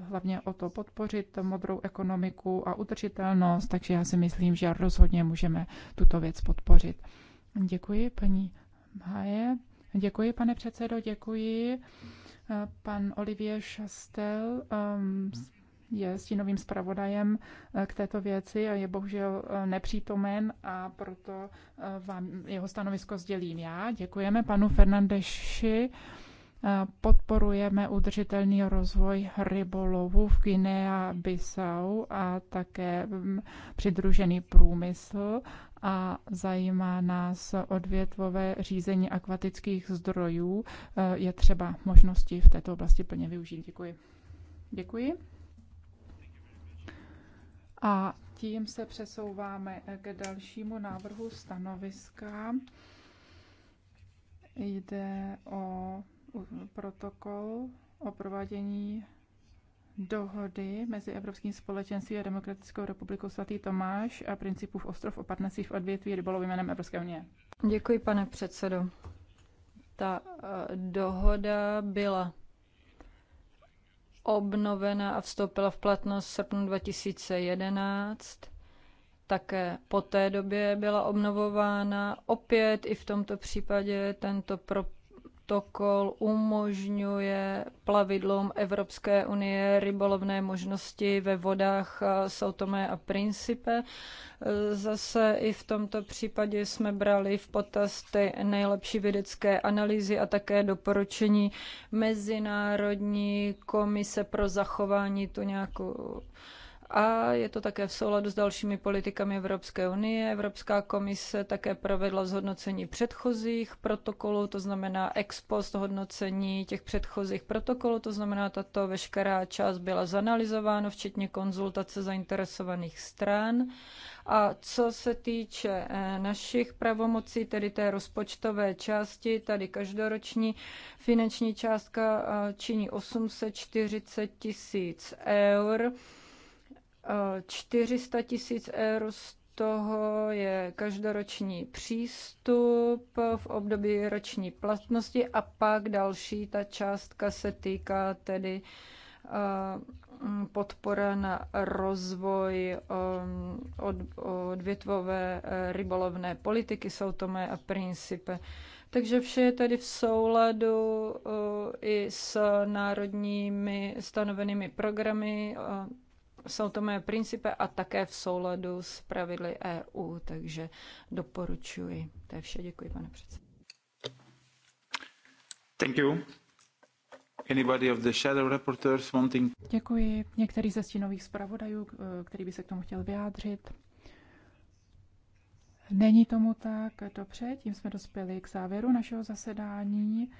hlavně o to podpořit modrou ekonomiku a udržitelnost, takže já si myslím, že rozhodně můžeme tuto věc podpořit. Děkuji, paní Haje. Děkuji, pane předsedo, děkuji. Pan Olivier Šastel je stínovým zpravodajem eh, k této věci a je bohužel eh, nepřítomen a proto eh, vám jeho stanovisko sdělím já. Děkujeme panu Fernandeši. Podporujeme udržitelný rozvoj rybolovu v Guinea Bissau a také mm, přidružený průmysl a zajímá nás odvětvové řízení akvatických zdrojů. Je třeba možnosti v této oblasti plně využít. Děkuji. Děkuji. A tím se přesouváme k dalšímu návrhu stanoviska. Jde o protokol o provádění dohody mezi Evropským společenstvím a Demokratickou republikou svatý Tomáš a principův ostrov o partnerství v odvětví rybolovu jménem Evropské unie. Děkuji, pane předsedo. Ta eh, dohoda byla obnovena a vstoupila v platnost v srpnu 2011. Také po té době byla obnovována. Opět i v tomto případě tento pro protokol umožňuje plavidlům Evropské unie rybolovné možnosti ve vodách eh, Soutomé a Principe. Eh, zase i v tomto případě jsme brali v potaz ty nejlepší vědecké analýzy a také doporučení Mezinárodní komise pro zachování tu nějakou a je to také v souladu s dalšími politikami Evropské unie. Evropská komise také provedla zhodnocení předchozích protokolů, to znamená ex post hodnocení těch předchozích protokolů, to znamená tato veškerá část byla zanalizována, včetně konzultace zainteresovaných stran. A co se týče eh, našich pravomocí, tedy té rozpočtové části, tady každoroční finanční částka eh, činí 840 tisíc eur 400 tisíc eur z toho je každoroční přístup v období roční platnosti a pak další ta částka se týká tedy eh, podpora na rozvoj eh, odvětvové eh, rybolovné politiky jsou to mé a principe. Takže vše je tedy v souladu i s národními stanovenými programy jsou to moje principy a také v souladu s pravidly EU, takže doporučuji. To je vše, děkuji, pane předsedo. Thank you. Anybody of the shadow reporters wanting... Děkuji. Některý ze stínových zpravodajů, eh, který by se k tomu chtěl vyjádřit. Není tomu tak. Dobře, tím jsme dospěli k závěru našeho zasedání.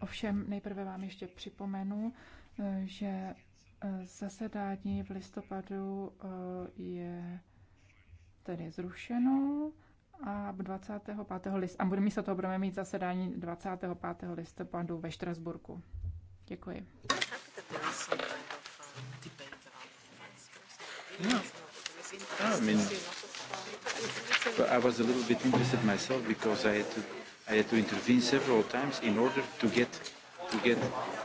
Ovšem nejprve vám ještě připomenu, eh, že Eh, zasedání v listopadu eh, je tedy zrušeno a 25. list, a budeme místo toho budeme mít zasedání 25. listopadu ve Štrasburku. Děkuji. No. I was a little bit interested myself because I had to, I had to intervene several times in order to get to get